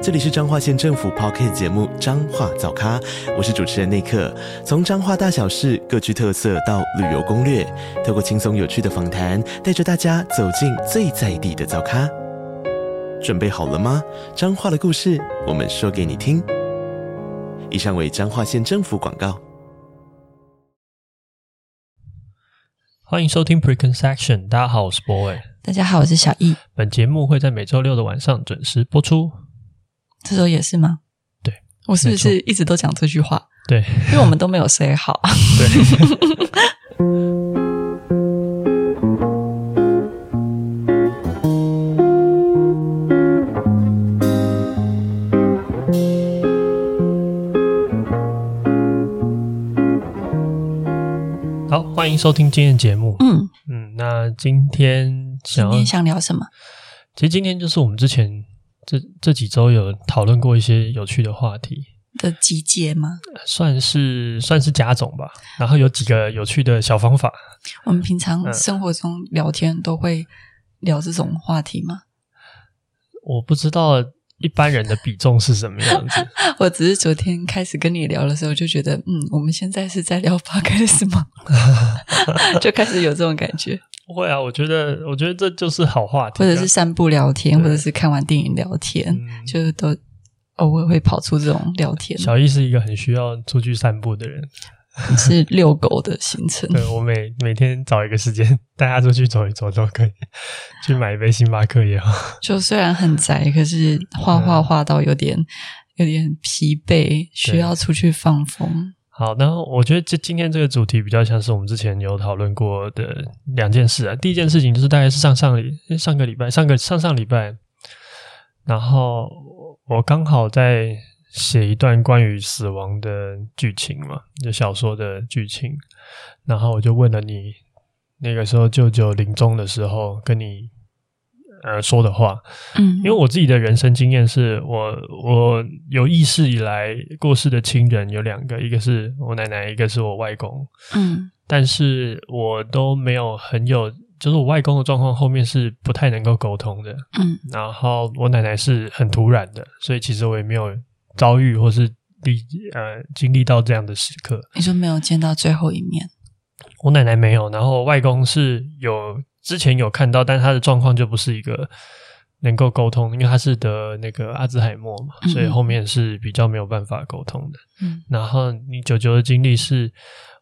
這裡是彰化縣政府 Podcast 節目《彰化早咖》，我是主持人內克。從彰化大小事各具特色到旅遊攻略，透過輕鬆有趣的訪談，帶着大家走進最在地的早咖。準備好了嗎？彰化的故事，我們說給你聽。以上為彰化縣政府廣告。歡迎收聽 Preconception，大家好，我是 Boy，大家好，我是小易。本節目會在每周六的晚上準時播出。這時候也是嗎？對，我是不是一直都講這句話？對，因為我們都沒有睡好。 對。 好，歡迎收聽今天的節目。嗯嗯，那今天想要今天想聊什麼？其實今天就是我們之前。這這幾週有討論過一些有趣的話題的集結嗎？算是算是家種吧，然後有幾個有趣的小方法。我們平常生活中聊天都會聊這種話題嗎？嗯，我不知道一般人的比重是什麼樣子。 我只是昨天開始跟你聊的時候就覺得，嗯，我們現在是在聊八卦的什麼， 就開始有這種感覺。不會啊，我覺得，我覺得這就是好話題，啊，或者是散步聊天，對或者是看完電影聊天，嗯、就是都偶爾會跑出這種聊天。小易是一個很需要出去散步的人，是遛狗的行程。 對，我每每天找一個時間，大家出去走一走都可以， 去買一杯星巴克也好。就雖然很宅，可是畫畫畫到有點、嗯、有點疲憊，需要出去放風。好，然後我覺得這今天這個主題比較像是我們之前有討論過的兩件事啊。第一件事情就是大概是上上禮，上個禮拜，上個上上禮拜，然後我剛好在寫一段關於死亡的劇情嘛，就小說的劇情，然後我就問了你，那個時候舅舅臨終的時候跟你。呃，說的話，嗯，因為我自己的人生經驗是我，我我有意識以來過世的親人有兩個，一個是我奶奶，一個是我外公，嗯，但是我都沒有很有，就是我外公的狀況後面是不太能夠溝通的，嗯，然後我奶奶是很突然的，所以其實我也沒有遭遇或是歷呃經歷到這樣的時刻。你說沒有見到最後一面，我奶奶沒有，然後外公是有。之前有看到，但他的狀況就不是一個能夠溝通，因為他是得那個阿茲海默嘛，嗯、所以後面是比較沒有辦法溝通的。嗯，然後你舅舅的經歷是、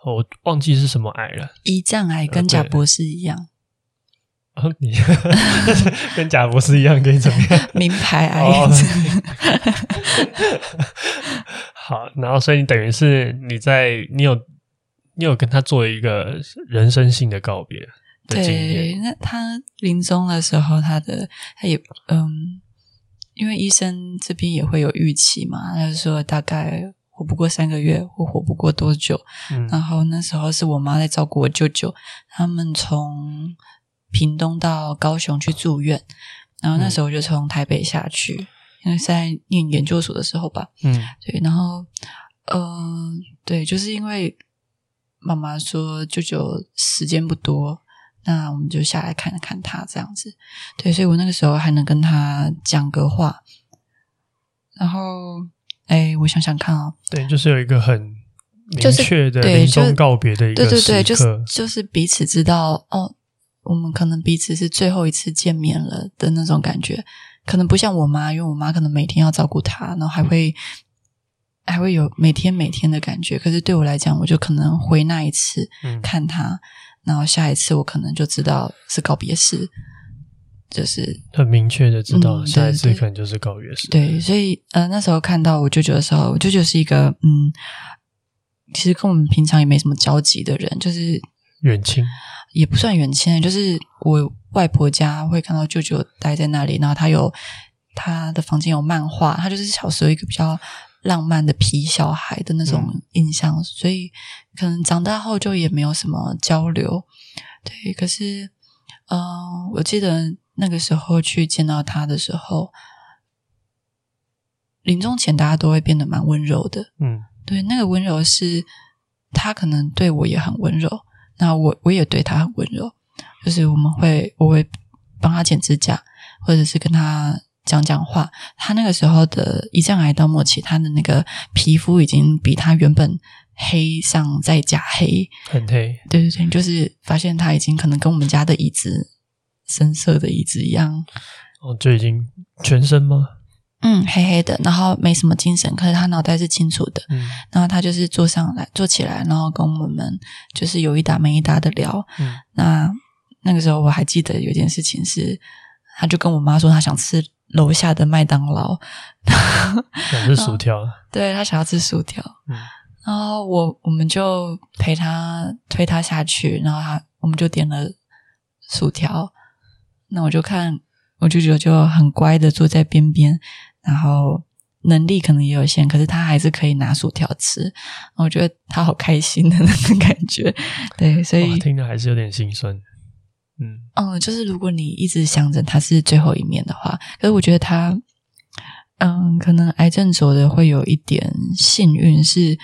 哦、我忘記是什麼癌了，胰臟癌跟對賈博士一樣，啊、哦，你呵呵跟賈博士一樣可以怎麼樣？ 名牌癌、哦。 好，然後所以你等於是你在你有你有跟他做一個人生性的告別。對，那他臨終的時候他的，他的他也嗯，因為醫生這邊也會有預期嘛，他就說大概活不過三個月，或活不過多久。嗯、然後那時候是我媽在照顧我舅舅，他們從屏東到高雄去住院，然後那時候我就從台北下去，因為是在念研究所的時候吧，嗯，對，然後嗯、呃，對，就是因為媽媽說舅舅時間不多。那我們就下來看看他這樣子，對，所以我那個時候還能跟他講個話，然後，哎，我想想看啊、哦，對，就是有一個很明確的一種告別的一個、就是、對，就對，對，對就，就是彼此知道哦，我們可能彼此是最後一次見面了的那種感覺，可能不像我媽，因為我媽可能每天要照顧她，然後還會、嗯、還會有每天每天的感覺，可是對我來講，我就可能回那一次看她。嗯然後下一次我可能就知道是告別式，就是很明確的知道下一次可能就是告別式，嗯。對，所以呃那時候看到我舅舅的時候，我舅舅是一個嗯，其實跟我們平常也沒什麼交集的人，就是遠親，也不算遠親，就是我外婆家會看到舅舅待在那裡，然後他有他的房間有漫畫，他就是小時候一個比較。浪漫的皮小孩的那種印象，嗯、所以可能長大後就也沒有什麼交流。對，可是，嗯、呃，我記得那個時候去見到他的時候，臨終前大家都會變得蠻溫柔的。嗯，對，那個溫柔是他可能對我也很溫柔，那我我也對他很溫柔，就是我們會我會幫他剪指甲，或者是跟他講講話，他那個時候的胰臟癌到末期，他的那個皮膚已經比他原本黑上再加黑，很黑。對對對，就是發現他已經可能跟我們家的椅子、深色的椅子一樣。哦，就已經全身嗎？嗯，黑黑的，然後沒什麼精神，可是他腦袋是清楚的。嗯，然後他就是坐上來，坐起來，然後跟我們就是有一搭沒一搭的聊。嗯，那那個時候我還記得有一件事情是，他就跟我媽說他想吃。樓下的麥當勞，然後想吃薯條。對，他想要吃薯條，嗯、然後我我們就陪他推他下去，然後他我們就點了薯條。那我就看我舅舅就很乖的坐在邊邊，然後能力可能也有限，可是他還是可以拿薯條吃。我覺得他好開心的那種感覺，對，所以聽着還是有點心酸。嗯，嗯，就是如果你一直想着他是最後一面的話，可是我覺得他，嗯，可能癌症走的會有一點幸運是，是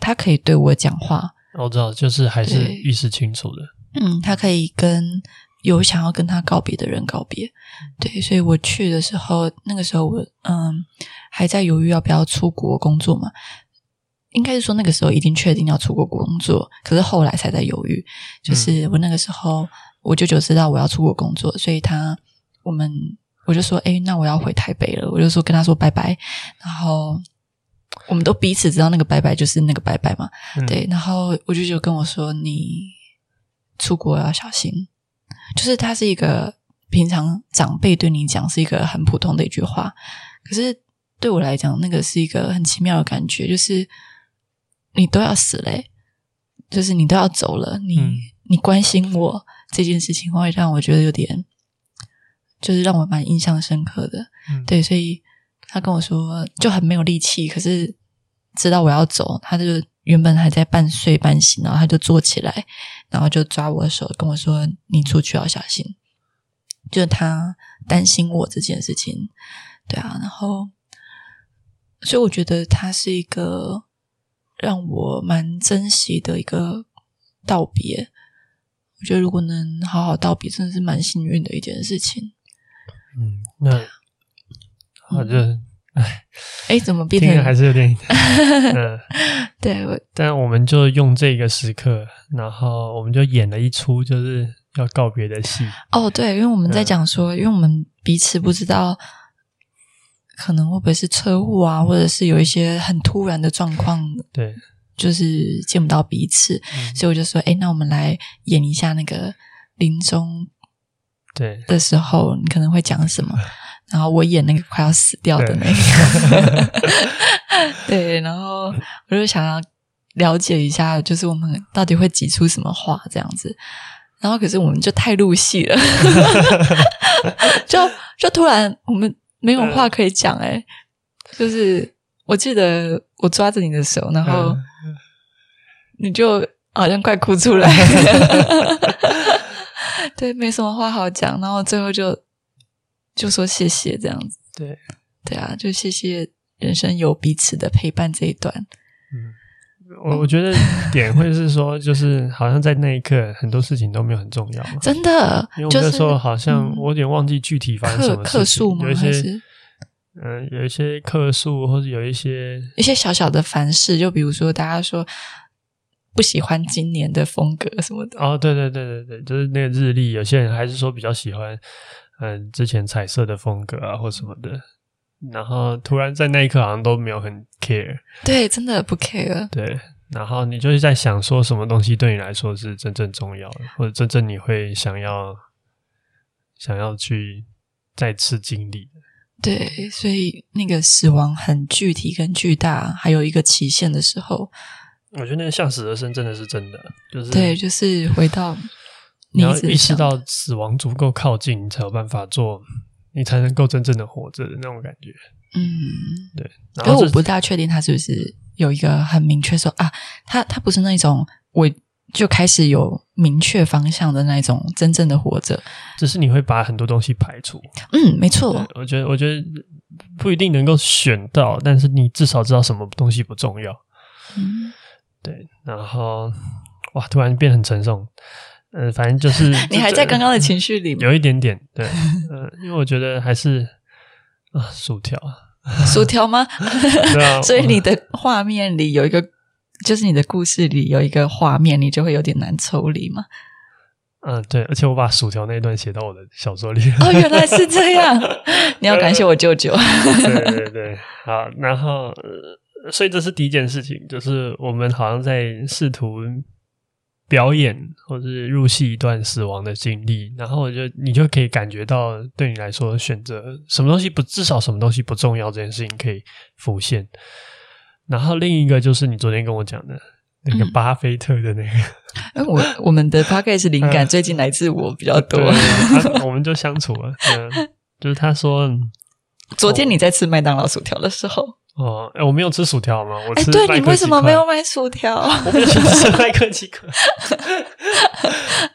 他可以對我講話。我知道，就是還是意識清楚的。嗯，他可以跟有想要跟他告別的人告別。對，所以我去的時候，那個時候我嗯還在猶豫要不要出國工作嘛。應該是說那個時候已經確定要出國工作，可是後來才在猶豫。就是我那個時候，我舅舅知道我要出國工作，所以他，我們，我就說，哎、欸，那我要回台北了。我就說跟他說拜拜，然後我們都彼此知道那個拜拜就是那個拜拜嘛。嗯、對，然後我舅舅跟我說，你出國要小心。就是他是一個平常長輩對你講是一個很普通的一句話，可是對我來講，那個是一個很奇妙的感覺，就是。你都要死嘞、欸，就是你都要走了，你、嗯、你關心我這件事情，會讓我覺得有點，就是讓我蠻印象深刻的。嗯、對，所以他跟我說就很沒有力氣，可是知道我要走，他就原本還在半睡半醒，然後他就坐起來，然後就抓我的手跟我說：“你出去要小心。”就是他擔心我這件事情，對啊，然後所以我覺得他是一個。讓我蠻珍惜的一個道別，我覺得如果能好好道別，真的是蠻幸運的一件事情。嗯，那好，嗯、就哎，哎、欸，怎麼變成還是有點？ 嗯、 對，我，但我們就用這個時刻，然後我們就演了一出就是要告別的戲。哦，對，因為我們在講說，嗯、因為我們彼此不知道。可能會不會是車禍啊，或者是有一些很突然的狀況？對，就是見不到彼此，嗯、所以我就說，哎、欸，那我們來演一下那個臨終對的時候，對你可能會講什麼？然後我演那個快要死掉的那個，對, 對，然後我就想要了解一下，就是我們到底會擠出什麼話這樣子？然後可是我們就太入戲了， 就就突然我們。沒有話可以講，誒，就是我記得我抓着你的手，然後你就好像快哭出來， 對，沒什麼話好講，然後最後就就說謝謝這樣子，對，對啊，就謝謝人生有彼此的陪伴這一段，嗯。我我覺得點會是說，就是好像在那一刻，很多事情都沒有很重要嘛。真的，因為我那時候好像我有點忘記具體發生什麼事情。有一些，嗯，有一些客訴，或者有一些一些小小的煩事，就比如說大家說不喜歡今年的風格什麼的。哦，對對對對對，就是那個日曆，有些人還是說比較喜歡嗯之前彩色的風格啊，或什麼的。然後突然在那一刻好像都沒有很 care，對，真的不 care。對，然後你就是在想說什麼東西對你來說是真正重要的，或者真正你會想要想要去再次經歷，對，所以那個死亡很具體跟巨大，還有一個期限的時候，我覺得那個向死而生真的是真的，就是對，就是回到你要意識到死亡足夠靠近，你才有辦法做。你才能夠真正的活着的那種感覺，嗯，對。然後、就是、我不大確定他是不是有一個很明確說啊，他他不是那種，我就開始有明確方向的那種真正的活着。只是你會把很多東西排除，嗯，沒錯。我覺得，我覺得不一定能夠選到，但是你至少知道什麼東西不重要。嗯，對。然後，哇，突然變得很沉重。呃，反正就是就就你還在剛剛的情緒裡，有一點點對，呃，因為我覺得還是啊，薯條， 薯條嗎？ 對啊、 所以你的畫面裡有一個，就是你的故事裡有一個畫面，你就會有點難抽離嘛。嗯、呃，對，而且我把薯條那一段寫到我的小說裡， 哦，原來是這樣， 你要感謝我舅舅， 對對對，好，然後、呃，所以這是第一件事情，就是我們好像在試圖。表演，或者是入戲一段死亡的經歷，然後我就你就可以感覺到，對你來說，選擇什麼東西不，至少什麼東西不重要這件事情可以浮現。然後另一個就是你昨天跟我講的、嗯、那個巴菲特的那個，哎、嗯，我我們的 Podcast 靈感最近來自我比較多， 嗯啊、我們就相處了， 嗯、就是他說，昨天你在吃麥當勞薯條的時候。哦，哎、嗯，我沒有吃薯條嗎？我吃麥克雞塊。對，你為什麼沒有買薯條？我沒有去吃麥克雞塊。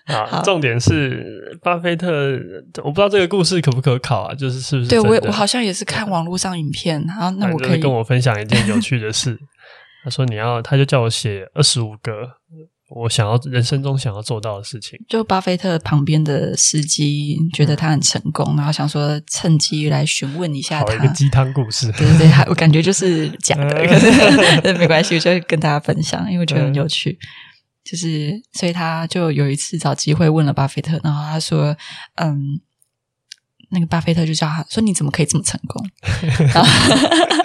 啊 好，好重點是巴菲特，我不知道這個故事，可不可考啊，就是是不是對，我也我好像也是看網絡上影片，然後對、啊、那我可以、啊、跟我分享一件有趣的事， 他說你要，他就叫我寫二十五個。我想要人生中想要做到的事情，就巴菲特旁邊的司機覺得他很成功，嗯、然後想說趁機來詢問一下他一個雞湯故事， 對，對對，我感覺就是假的，嗯、可是是沒關係，我就會跟大家分享，因為我覺得很有趣。嗯、就是所以他就有一次找機會問了巴菲特，然後他說，嗯，那個巴菲特就叫他，說你怎麼可以這麼成功？然後。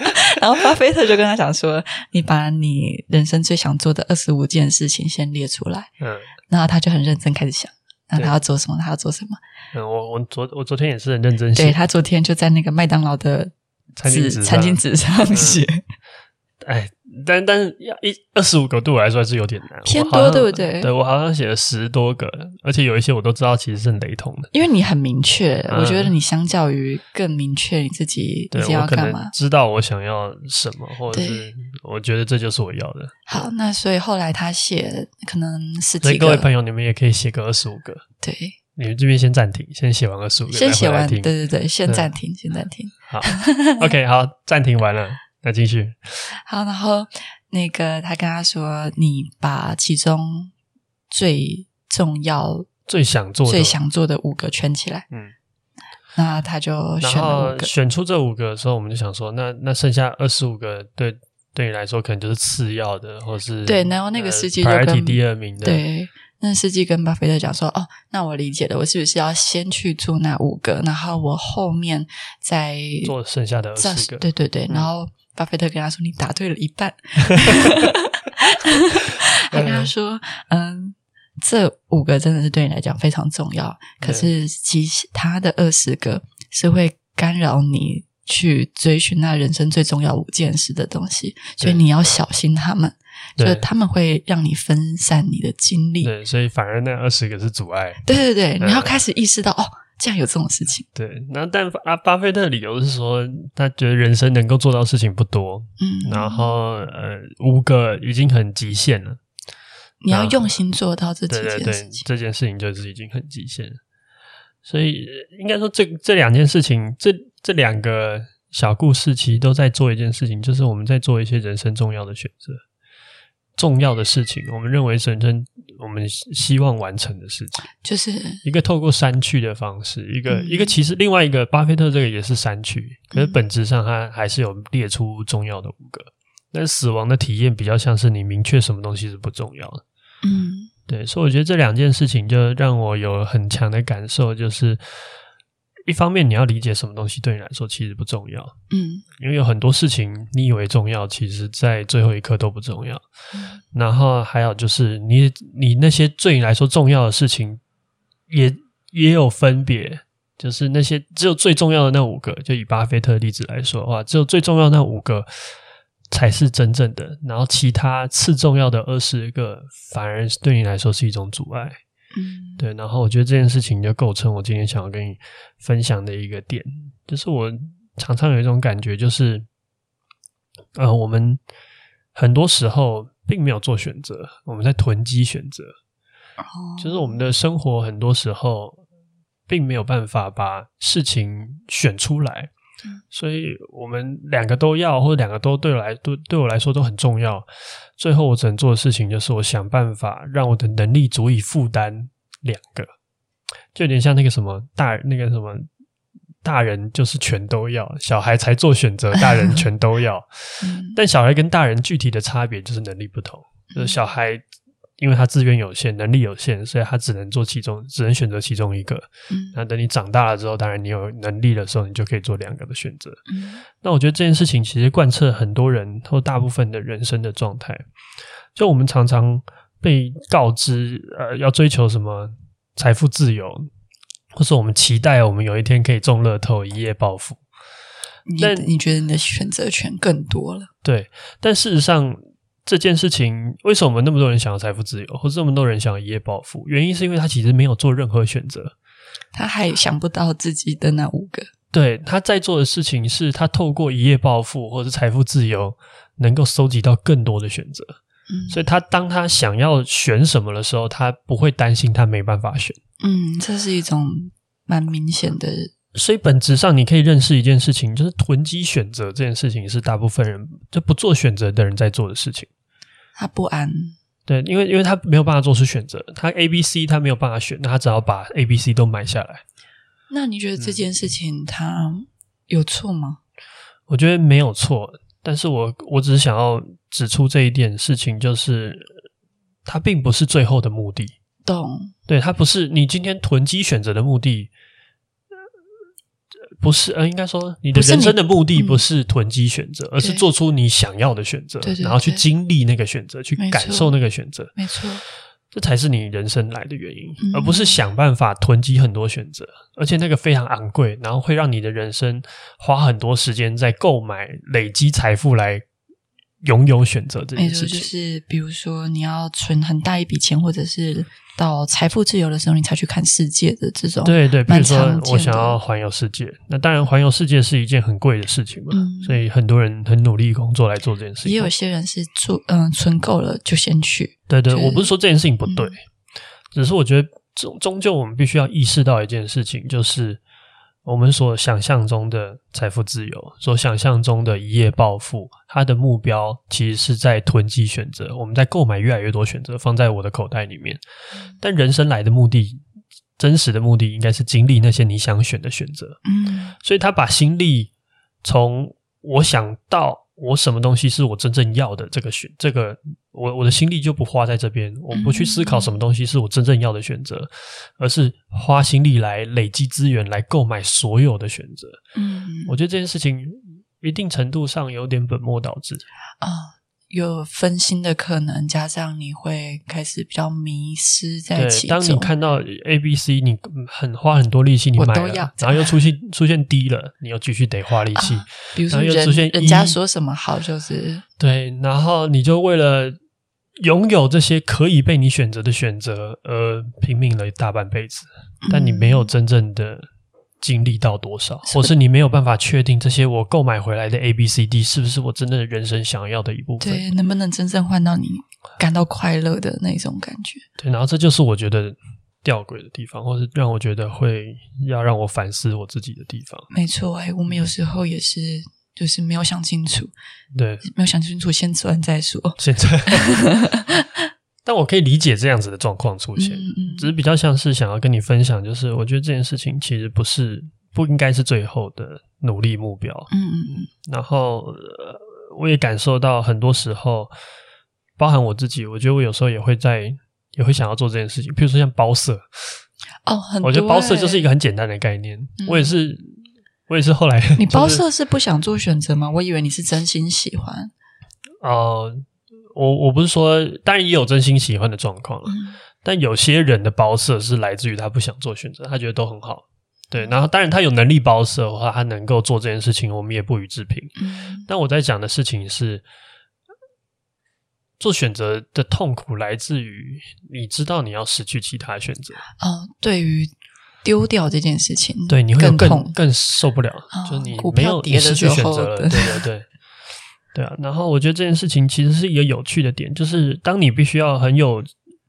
然後巴菲特就跟他講說：“你把你人生最想做的二十五件事情先列出來。”嗯，然後他就很認真開始想，那他要做什麼？對他要做什麼？嗯。我我昨我昨天也是很認真寫，寫。對，他昨天就在那個麥當勞的餐巾紙餐巾紙上寫。嗯哎，但但是一二十五個對我來說還是有點難，偏多，對不對？對，我好像寫了十多個，而且有一些我都知道，其實是很雷同的。因為你很明確，我覺得你相較於更明確你自己你要幹嘛，知道我想要什麼，或者是我覺得這就是我要的。好，那所以後來他寫可能十幾個，各位朋友你們也可以寫個二十五個。對，你們這邊先暫停，先寫完二十五個，先寫完。對對對，先暫停，先暫停。好，OK，好，暫停完了。那繼續好，然後那個他跟他說：“你把其中最重要、最想做的、最想做的五個圈起來。”嗯，那他就選了，然後選出這五個的時候，我們就想說：“那那剩下二十五個，對，對你來說可能就是次要的，或是對。”然後那個司機就跟第二名的對，那司機跟巴菲特講說：“哦，那我理解了，我是不是要先去做那五個？然後我後面再做剩下的二十個？”對對對，然後。嗯巴菲特跟他說：“你答對了一半。”他 跟他說：“嗯，嗯，這五個真的是對你來講非常重要，可是其他的二十個是會干擾你去追尋那人生最重要五件事的東西，所以你要小心他們，就對他們會讓你分散你的精力。對，所以反而那二十個是阻礙。對對對，你要開始意識到。嗯”哦竟然有這種事情？對，那但巴菲特的理由是說，他覺得人生能夠做到事情不多，嗯，然後呃，五個已經很極限了。你要用心做到這件事情，對對對，這件事情就是已經很極限了。所以應該說這，這這兩件事情，這這兩個小故事，其實都在做一件事情，就是我們在做一些人生重要的選擇。重要的事情，我們認為是真正我們希望完成的事情，就是一個透過刪去的方式，一個、嗯、一個其實另外一個巴菲特這個也是刪去，可是本質上他還是有列出重要的五個。嗯、但死亡的體驗比較像是你明確什麼東西是不重要的，嗯，對，所以我覺得這兩件事情就讓我有很強的感受，就是。一方面，你要理解什麼東西對你來說其實不重要，嗯，因為有很多事情你以為重要，其實在最後一刻都不重要。嗯、然後還有就是你，你你那些對你來說重要的事情也，也也有分別，就是那些只有最重要的那五個，就以巴菲特的例子來說，哇，只有最重要的那五個才是真正的，然後其他次重要的二十個，反而對你來說是一種阻礙。嗯，對，然後我覺得這件事情就構成我今天想要跟你分享的一個點，就是我常常有一種感覺，就是，呃，我們很多時候並沒有做選擇，我們在囤積選擇，哦，就是我們的生活很多時候並沒有辦法把事情選出來，所以我們兩個都要，或者兩個都對我來，都對我來說都很重要。最後我只能做的事情就是我想辦法讓我的能力足以負擔兩個，就有點像那個什麼大那個什麼大人，就是全都要。小孩才做選擇，大人全都要。 嗯。但小孩跟大人具體的差別就是能力不同，就是小孩。因為他資源有限，能力有限，所以他只能做其中，只能選擇其中一個。那，嗯，等你長大了之後，當然你有能力的時候，你就可以做兩個的選擇。嗯，那我覺得這件事情其實貫徹很多人或大部分的人生的狀態。就我們常常被告知，呃，要追求什麼財富自由，或是我們期待我們有一天可以中樂透一夜暴富。你，但，你覺得你的選擇權更多了？對，但事實上。這件事情為什麼那麼多人想要財富自由，或是那麼多人想要一夜暴富？原因是因為他其實沒有做任何選擇，他還想不到自己的那五個。對，他在做的事情是他透過一夜暴富或者財富自由，能夠蒐集到更多的選擇。嗯，所以他當他想要選什麼的時候，他不會擔心他沒辦法選。嗯，這是一種蠻明顯的。所以本質上，你可以認識一件事情，就是囤積選擇這件事情是大部分人就不做選擇的人在做的事情。他不安，對，因為因為他沒有辦法做出選擇，他 A、B、C 他沒有辦法選，那他只好把 A、B、C 都買下來。那你覺得這件事情他有錯嗎？嗯。我覺得沒有錯，但是我我只是想要指出這一點事情，就是他並不是最後的目的。懂？對，他不是你今天囤積選擇的目的。不是，呃，應該說，你的人生的目的不是囤積選擇，是嗯、而是做出你想要的選擇，對對對對，然後去經歷那個選擇，去感受那個選擇，沒錯錯，這才是你人生來的原因，嗯嗯，而不是想辦法囤積很多選擇，而且那個非常昂貴，然後會讓你的人生花很多時間在購買、累積財富來。擁有選擇這件事情，就是比如說你要存很大一筆錢，或者是到財富自由的時候，你才去看世界的這種的。對，對對，比如說我想要環遊世界，嗯、那當然環遊世界是一件很貴的事情嘛，嗯、所以很多人很努力工作來做這件事情。也有些人是做嗯存夠了就先去。對，對對，就是，我不是說這件事情不對，嗯、只是我覺得終、終究我們必須要意識到一件事情，就是。我們所想象中的財富自由，所想象中的一夜暴富，它的目標其實是在囤積選擇。我們在購買越來越多選擇，放在我的口袋裡面。但人生來的目的，真實的目的應該是經歷那些你想選的選擇。嗯，所以他把心力從我想到。我什麼東西是我真正要的？這個選，這個我我的心力就不花在這邊，我不去思考什麼東西是我真正要的選擇，嗯嗯嗯，而是花心力來累積資源，來購買所有的選擇。嗯，嗯，我覺得這件事情一定程度上有點本末倒置。啊、哦。有分心的可能，加上你會開始比較迷失在其中。當你看到 A、B、C，你很花很多力氣，你買，都要然後又出現 出現 D 了，你又繼續得花力氣。啊、比如說，出現、E，人，人家說什麼好，就是對，然後你就為了擁有這些可以被你選擇的選擇，而拼命了一大半輩子，但你沒有真正的。嗯經歷到多少，或是你沒有辦法確定這些我購買回來的 A B C D 是不是我真正的人生想要的一部分？對，能不能真正換到你感到快樂的那種感覺？對，然後這就是我覺得弔詭的地方，或是讓我覺得會要讓我反思我自己的地方。嗯、沒錯，哎，我們有時候也是，就是沒有想清楚，對，沒有想清楚，先吃完再說，先現在。 但我可以理解這樣子的狀況出現，嗯嗯只是比較像是想要跟你分享，就是我覺得這件事情其實不是不應該是最後的努力目標。嗯,嗯然後、呃、我也感受到很多時候，包含我自己，我覺得我有時候也會在也會想要做這件事情。譬如說像包色，哦，很多。我覺得包色就是一個很簡單的概念。嗯、我也是，我也是後來、就是。你包色是不想做選擇嗎？我以為你是真心喜歡。哦、呃。我我不是說，當然也有真心喜歡的狀況，嗯、但有些人的包色是來自於他不想做選擇，他覺得都很好，對。然後當然他有能力包色的話，他能夠做這件事情，我們也不予置評。嗯、但我在講的事情是，做選擇的痛苦來自於你知道你要失去其他選擇。嗯、呃，對於丟掉這件事情，嗯、對你會更更，痛更受不了，哦、就是你沒有別的選擇了，的對對對。對啊，然後我覺得這件事情其實是一個有趣的點，就是當你必須要很有，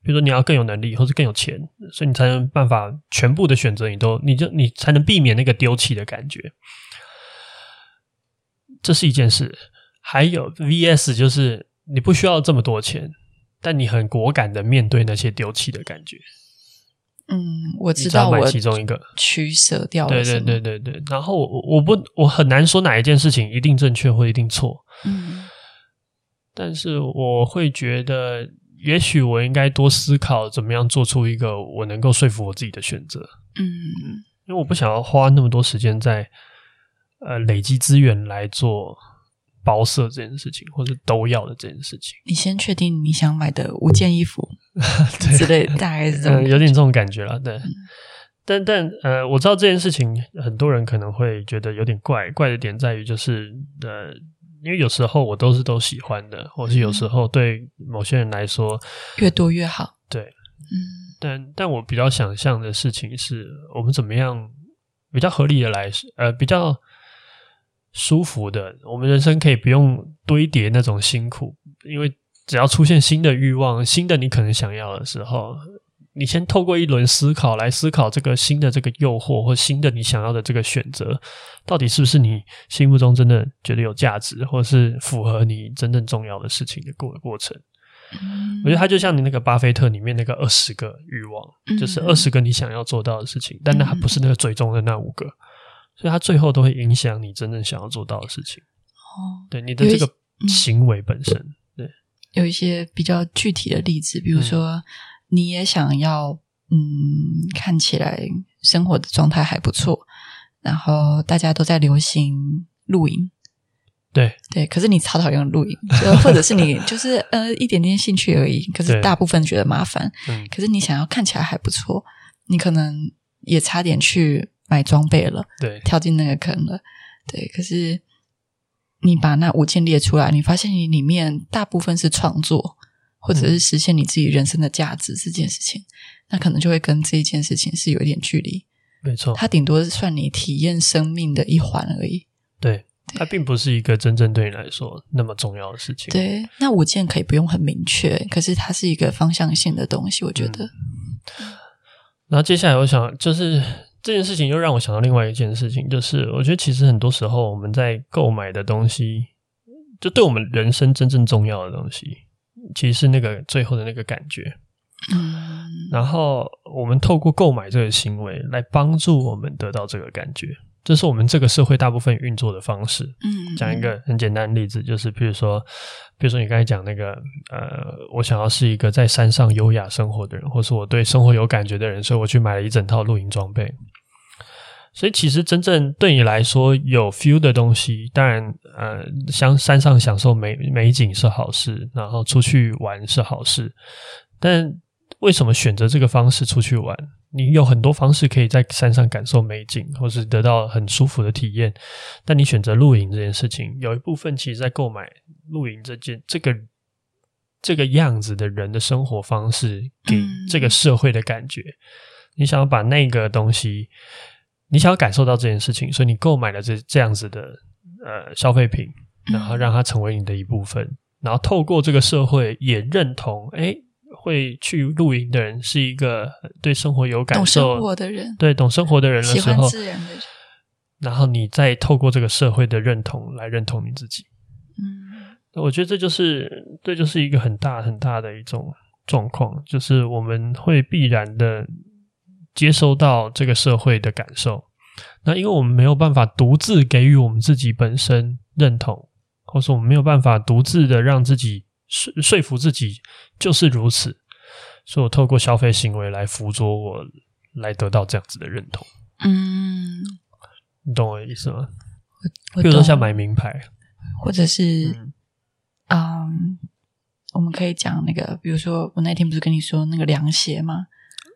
比如說你要更有能力，或是更有錢，所以你才能辦法全部的選擇你都，你都你就你才能避免那個丟棄的感覺。這是一件事，還有 VS 就是你不需要這麼多錢，但你很果敢的面對那些丟棄的感覺。嗯，我知道我其中一個取捨掉了，對對對對對。然後我我不我很難說哪一件事情一定正確或一定錯。嗯，但是我會覺得，也許我應該多思考怎麼樣做出一個我能夠說服我自己的選擇。嗯嗯，因為我不想要花那麼多時間在呃累積資源來做包色這件事情，或者都要的這件事情。你先確定你想買的五件衣服。 對，之類，大概是這種，嗯，有點這種感覺啦。對，嗯、但但呃，我知道這件事情，很多人可能會覺得有點怪。怪的點在於，就是呃，因為有時候我都是都喜歡的，或是有時候對某些人來說，嗯嗯、越多越好。對，嗯，但但我比較想象的事情是，我們怎麼樣比較合理的來，呃，比較舒服的，我們人生可以不用堆疊那種辛苦，因為。只要出現新的慾望、新的你可能想要的時候，你先透過一輪思考來思考這個新的這個誘惑或新的你想要的這個選擇，到底是不是你心目中真的覺得有價值，或者是符合你真正重要的事情的過過程？嗯、我覺得它就像你那個巴菲特裡面那個二十個慾望，就是二十個你想要做到的事情，嗯、但那它不是那個最終的那五個，嗯、所以它最後都會影響你真正想要做到的事情。哦，對，你的這個行為本身。嗯有一些比較具體的例子，比如說你也想要，嗯，看起來生活的狀態還不錯，然後大家都在流行露營，對對，可是你超討厭露營，就或者是你就是 呃一點點興趣而已，可是大部分覺得麻煩，嗯對，可是你想要看起來還不錯，你可能也差點去買裝備了，對，跳進那個坑了，對，可是。你把那五件列出來，你發現你裡面大部分是創作，或者是實現你自己人生的價值這件事情，嗯、那可能就會跟這一件事情是有一點距離。沒錯，它頂多是算你體驗生命的一環而已。對，對它並不是一個真正對你來說那麼重要的事情。對，那五件可以不用很明確，可是它是一個方向性的東西，我覺得。嗯、然後接下來我想就是。這件事情又讓我想到另外一件事情，就是我覺得其實很多時候我們在購買的東西，就對我們人生真正重要的東西，其實是那個最後的那個感覺。然後我們透過購買這個行為來幫助我們得到這個感覺，這是我們這個社會大部分運作的方式。講一個很簡單的例子，就是比如說，比如說你剛才講那個，呃，我想要是一個在山上優雅生活的人，或是我對生活有感覺的人，所以我去買了一整套露營裝備。所以，其實真正對你來說有 feel 的東西，當然，呃，像山上享受美美景是好事，然後出去玩是好事。但為什麼選擇這個方式出去玩？你有很多方式可以在山上感受美景，或是得到很舒服的體驗。但你選擇露營這件事情，有一部分其實在購買露營這件這個這個樣子的人的生活方式，給這個社會的感覺。嗯。你想要把那個東西。你想要感受到這件事情，所以你購買了這這樣子的呃消費品，然後讓它成為你的一部分，嗯、然後透過這個社會也認同，哎，會去露營的人是一個對生活有感受的人，對懂生活的人，喜歡自然的人，然後你再透過這個社會的認同來認同你自己，嗯，我覺得這就是這就是一個很大很大的一種狀況，就是我們會必然的。接收到這個社會的感受，那因為我們沒有辦法獨自給予我們自己本身認同，或是我們沒有辦法獨自的讓自己說說服自己就是如此，所以我透過消費行為來輔佐我來得到這樣子的認同。嗯，你懂我的意思嗎？比如說，像買名牌，或者是，嗯，嗯，我們可以講那個，比如說我那天不是跟你說那個涼鞋嗎？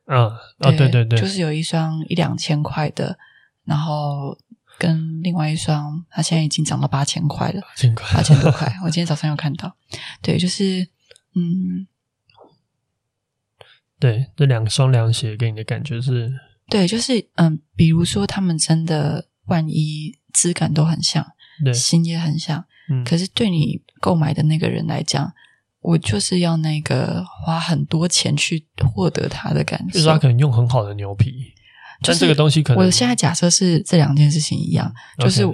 嗯啊、哦對，哦、對對對，就是有一雙一兩千塊的，然後跟另外一雙，它現在已經漲到八千塊了，八千多塊，八千塊 我今天早上有看到。對，就是嗯，對，這兩雙涼鞋給你的感覺是，對，就是嗯，比如說他們真的萬一質感都很像，對，心也很像，嗯、可是對你購買的那個人來講。我就是要那個花很多錢去獲得它的感覺，就是他可能用很好的牛皮，就是、但這個東西可能我現在假設是這兩件事情一樣，嗯、就是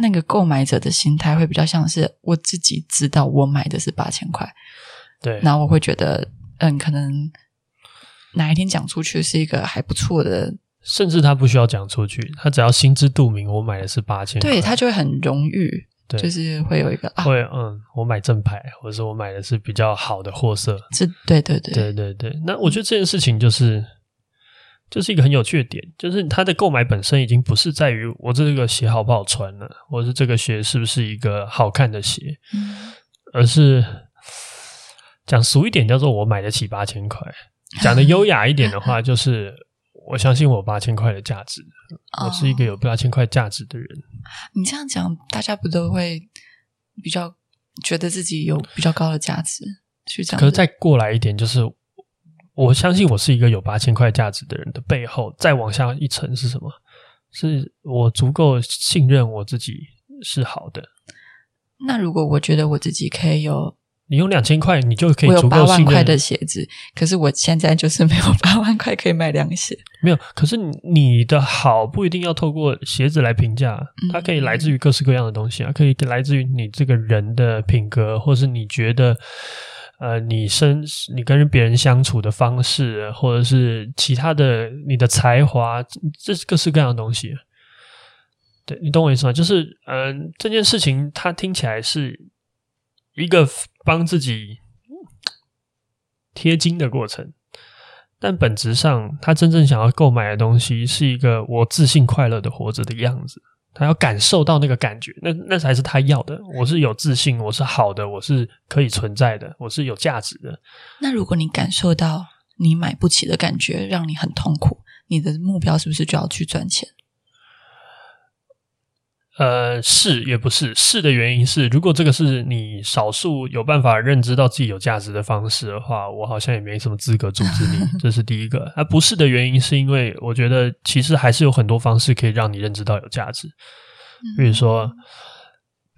那個購買者的心態會比較像是我自己知道我買的是八千塊，對，然後我會覺得嗯，可能哪一天講出去是一個還不錯的，甚至他不需要講出去，他只要心知肚明我買的是八千塊，對，他就會很榮譽。對，就是會有一個會嗯，我買正牌，或者是我買的是比較好的貨色，這對對對對對對。那我覺得這件事情就是，就是一個很有趣的點，就是他的購買本身已經不是在於我這個鞋好不好穿了，或是這個鞋是不是一個好看的鞋，嗯、而是講俗一點叫做我買得起八千塊。講的優雅一點的話，就是 我相信我八千塊的價值，我是一個有八千塊價值的人。哦你這樣講，大家不都會比較覺得自己有比較高的價值去講？可是再過來一點，就是我相信我是一個有八千塊價值的人的背後，再往下一層是什麼？是我足夠信任我自己是好的。那如果我覺得我自己可以有。你用兩千塊，你就可以足夠幸運。我有八萬塊的鞋子，可是我現在就是沒有八萬塊可以買涼鞋。沒有，可是你的好不一定要透過鞋子來評價，它可以來自於各式各樣的東西啊，嗯嗯，它可以來自於你這個人的品格，或是你覺得，呃，你身你跟別人相處的方式，或者是其他的你的才華，這是各式各樣的東西。對，你懂我意思嗎？就是，嗯、呃，這件事情它聽起來是一個。幫自己貼金的過程，但本質上，他真正想要購買的東西是一個我自信、快樂的活着的樣子。他要感受到那個感覺，那那才是他要的。我是有自信，我是好的，我是可以存在的，我是有價值的。那如果你感受到你買不起的感覺，讓你很痛苦，你的目標是不是就要去賺錢？呃，是也不是。是的原因是，如果這個是你少數有辦法認知到自己有價值的方式的話，我好像也沒什麼資格阻止你。 這是第一個。啊、呃、不是的原因是因為，我覺得其實還是有很多方式可以讓你認知到有價值。比如說，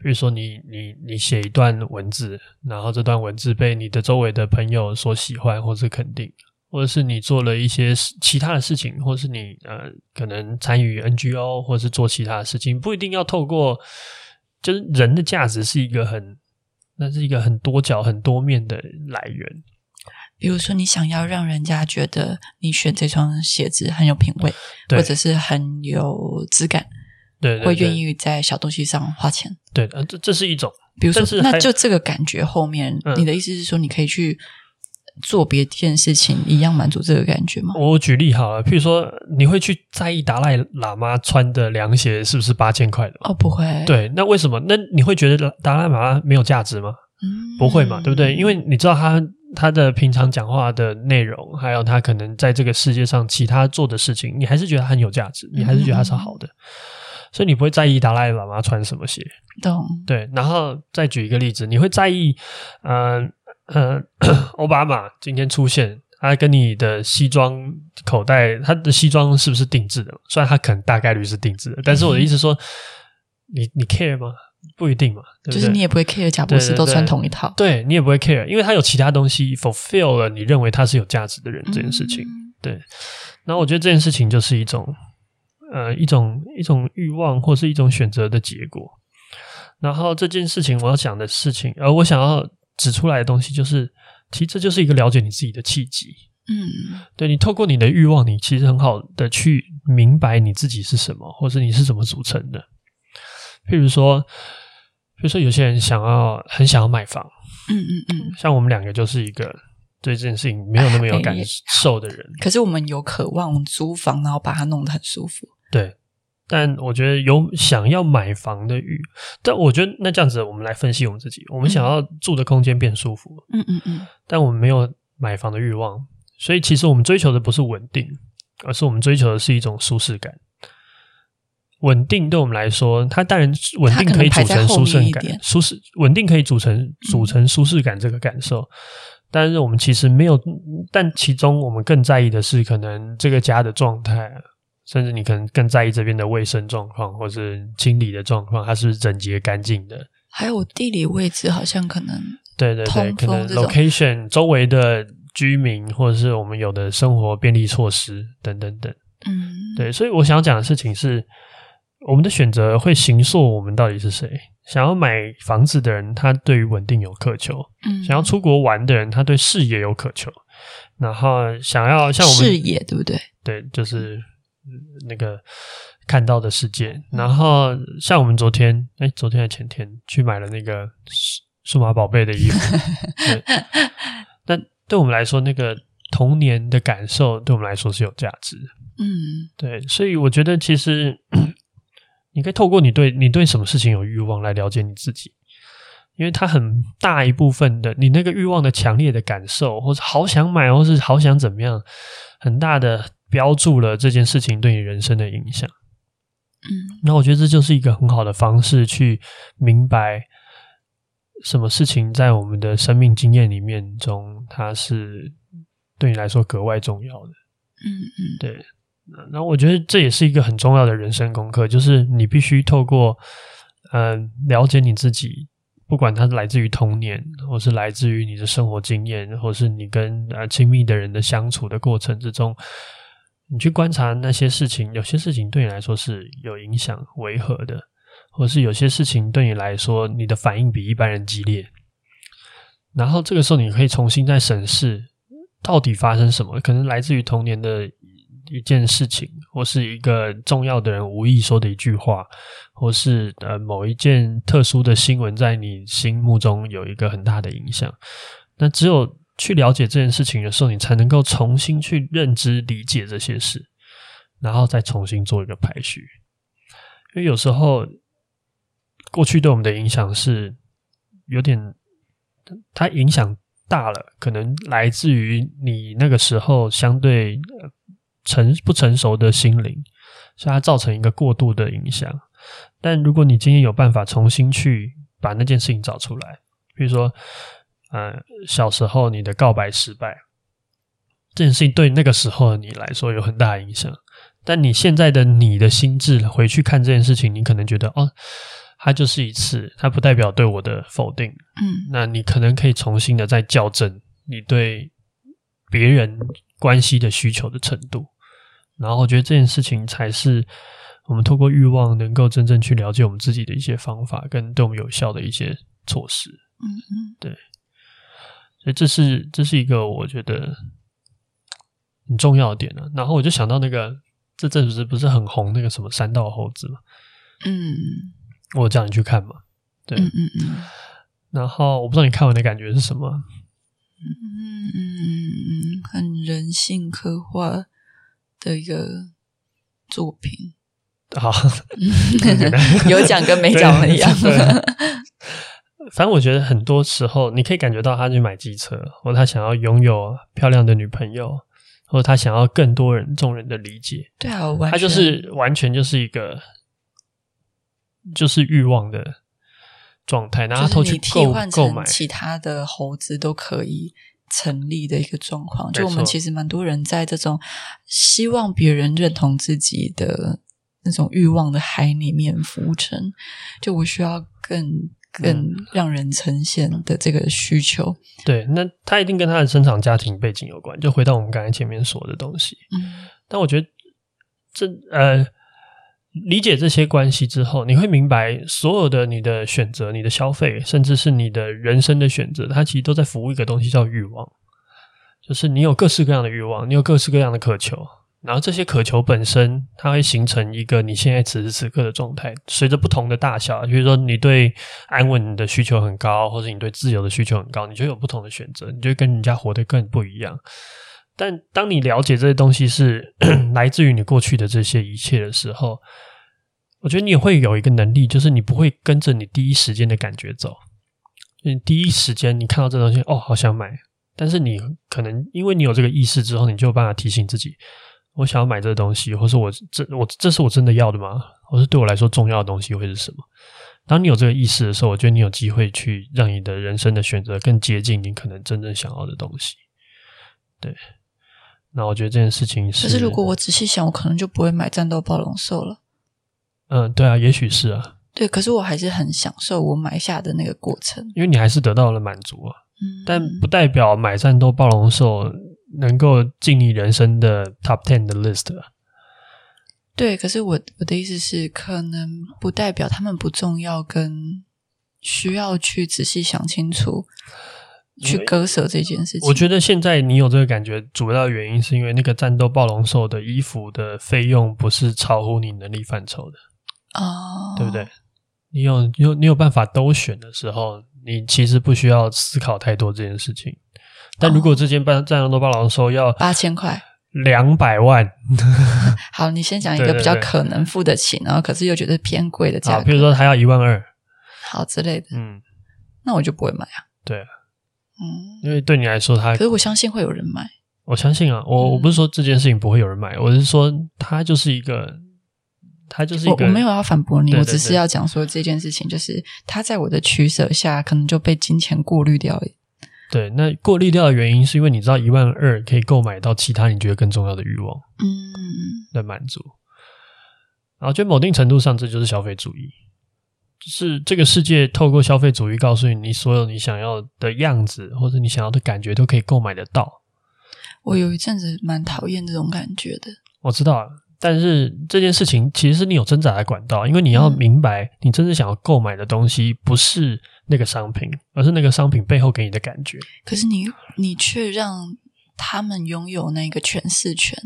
比如說你你你寫一段文字，然後這段文字被你的周圍的朋友所喜歡或是肯定。或者是你做了一些其他的事情，或者是你呃可能參與 NGO，或者是做其他的事情，不一定要透過，就是人的價值是一個很，那是一個很多角很多面的來源。比如說，你想要讓人家覺得你選這雙鞋子很有品味，嗯、或者是很有質感，對，對對會願意在小東西上花錢，對，呃、這這是一種。比如說，是那就這個感覺後面，嗯、你的意思是說，你可以去。做別件事情一樣滿足這個感覺嗎？我舉例好了，譬如說，你會去在意達賴喇嘛穿的涼鞋是不是八千塊的？哦，不會。對，那為什麼？那你會覺得達賴喇嘛沒有價值嗎？嗯，不會嘛，對不對？因為你知道他他的平常講話的內容，還有他可能在這個世界上其他做的事情，你還是覺得很有價值，你還是覺得他是好的，嗯、所以你不會在意達賴喇嘛穿什麼鞋。懂。對，然後再舉一個例子，你會在意嗯？呃呃，歐巴馬今天出現，他跟你的西裝口袋，他的西裝是不是定製的？雖然他可能大概率是定制的，但是我的意思說，你你 care 嗎？不一定嘛，對對就是你也不會 care。賈伯斯都穿同一套，對，對，對，對你也不會 care，因為他有其他東西，fulfill 了你認為他是有價值的人、嗯、這件事情，對。然後我覺得這件事情就是一種，呃，一種一種欲望，或是一種選擇的結果。然後這件事情我要講的事情，而、呃、我想要。指出來的東西就是，其實這就是一個了解你自己的契機。嗯，對，你透過你的慾望，你其實很好的去明白你自己是什麼，或者你是怎麼組成的。譬如說，比如說有些人想要很想要買房，嗯嗯嗯，像我們兩個就是一個對這件事情沒有那麼有感受的人。哎，可是我們有渴望租房，然後把它弄得很舒服。對。但我覺得有想要買房的欲，但我覺得那這樣子，我們來分析我們自己，我們想要住的空間變舒服，嗯嗯嗯，但我們沒有買房的慾望，所以其實我們追求的不是穩定，而是我們追求的是一種舒適感。穩定對我們來說，它當然穩定可以組成舒適感，舒適穩定可以組成組成舒適感這個感受，但是我們其實沒有，但其中我們更在意的是可能這個家的狀態。甚至你可能更在意這邊的衛生狀況，或是清理的狀況，它是不是整潔乾淨的？還有地理位置好像可能對對對，可能 location 周圍的居民或者是我們有的生活便利措施等等等。嗯，對，所以我想要講的事情是，我們的選擇會形塑我們到底是誰。想要買房子的人，他對於穩定有渴求；嗯，想要出國玩的人，他對事業有渴求。然後想要像我們事業，對不對？對，就是。嗯那個看到的世界，然後像我們昨天，哎，昨天還前天去買了那個數數碼寶貝的衣服。那 對，但對我們來說，那個童年的感受，對我們來說是有價值。嗯，對，所以我覺得其實你可以透過你對你對什麼事情有欲望來了解你自己，因為它很大一部分的你那個欲望的強烈的感受，或是好想買，或是好想怎麼樣，很大的。標註了這件事情對你人生的影響，嗯，那我覺得這就是一個很好的方式去明白什麼事情在我們的生命經驗裡面中，它是對你來說格外重要的。嗯嗯，對。那我覺得這也是一個很重要的人生功課，就是你必須透過嗯、呃、了解你自己，不管它是來自於童年，或是來自於你的生活經驗，或是你跟啊親密的人的相處的過程之中，你去觀察那些事情，有些事情對你來說是有影響、違和的，或是有些事情對你來說，你的反應比一般人激烈。然後這個時候，你可以重新再審視，到底發生什麼？可能來自於童年的一件事情，或是一個重要的人無意說的一句話，或是呃某一件特殊的新聞，在你心目中有一個很大的影響。那只有。去了解這件事情的時候，你才能夠重新去認知、理解這些事，然後再重新做一個排序。因為有時候過去對我們的影響是有點，它影響大了，可能來自於你那個時候相對成不成熟的心靈，所以它造成一個過度的影響。但如果你今天有辦法重新去把那件事情找出來，比如說。呃，小時候你的告白失敗這件事情，對那個時候的你來說有很大的影響。但你現在的你的心智回去看這件事情，你可能覺得哦，它就是一次，它不代表對我的否定。嗯，那你可能可以重新的再校正你對別人關係的需求的程度。然後我覺得這件事情才是我們透過慾望能夠真正去了解我們自己的一些方法，跟對我們有效的一些措施。嗯嗯，對。所以這是這是一個我覺得很重要的點呢、啊。然後我就想到那個，這這不是不是很紅那個什麼山道猴子嗎？嗯，我叫你去看嘛。對，嗯嗯嗯。嗯嗯，然後我不知道你看完的感覺是什麼。嗯嗯嗯嗯，很人性刻畫的一個作品。好，嗯、 有講跟沒講一樣。 反正我覺得很多時候，你可以感覺到他去買機車，或他想要擁有漂亮的女朋友，或他想要更多人眾人的理解。對啊，我完全。他就是完全就是一個就是慾望的狀態，然後他偷去購就是你替換成其他的猴子都可以成立的一個狀況。沒錯。就我們其實蠻多人在這種希望別人認同自己的那種慾望的海裡面浮沉。就我需要更。更讓人呈現的這個需求。嗯，對，那他一定跟他的生長家庭背景有關。就回到我們剛才前面說的東西，嗯，但我覺得這呃，理解這些關係之後，你會明白所有的你的選擇、你的消費，甚至是你的人生的選擇，它其實都在服務一個東西，叫慾望。就是你有各式各樣的慾望，你有各式各樣的渴求。然後這些渴求本身，它會形成一個你現在此時此刻的狀態。隨着不同的大小，比如說你對安穩的需求很高，或者你對自由的需求很高，你就有不同的選擇，你就跟人家活得更不一樣。但當你了解這些東西是 來自於你過去的這些一切的時候，我覺得你也會有一個能力，就是你不會跟着你第一時間的感覺走。你第一時間你看到這東西，哦，好想買，但是你可能因為你有這個意識之後，你就有辦法提醒自己。我想要買這個東西，或是我這，我這是我真的要的嗎？或是對我來說重要的東西會是什麼？當你有這個意識的時候，我覺得你有機會去讓你的人生的選擇更接近你可能真正想要的東西。對，那我覺得這件事情是，可是如果我仔細想，我可能就不會買戰鬥暴龍獸了。嗯，對啊，也許是啊。對，可是我還是很享受我買下的那個過程，因為你還是得到了滿足啊。嗯，但不代表買戰鬥暴龍獸。能夠進你人生的 top ten 的 list，對，可是我我的意思是，可能不代表他們不重要，跟需要去仔細想清楚，去割捨這件事情。我覺得現在你有這個感覺，主要原因是因為那個戰鬥暴龍獸的衣服的費用不是超乎你能力範疇的，哦，oh. 對不對？你有你有你有辦法都選的時候，你其實不需要思考太多這件事情。但如果這間辦在多巴朗的時候要八千塊兩百萬，好，你先講一個比較可能付得起，然後可是又覺得偏貴的價格，比如說他要一萬二，好之類的，嗯，那我就不會買啊。對，嗯，因為對你來說，他可是我相信會有人買，我相信啊，我我不是說這件事情不會有人買，我是說他就是一個，他就是一個，我沒有要反駁你，我只是要講說這件事情，就是他在我的取舍下，可能就被金錢過濾掉了。對，那過濾掉的原因是因為你知道一萬二可以購買到其他你覺得更重要的欲望，嗯，的滿足。然後，就某定程度上，這就是消費主義，是這個世界透過消費主義告訴你，你所有你想要的樣子或者你想要的感覺都可以購買得到。我有一陣子蠻討厭這種感覺的。我知道。但是這件事情其實是你有掙扎的管道，因為你要明白，你真正想要購買的東西不是那個商品，嗯、而是那個商品背後給你的感覺。可是你，你卻讓他們擁有那個詮釋權，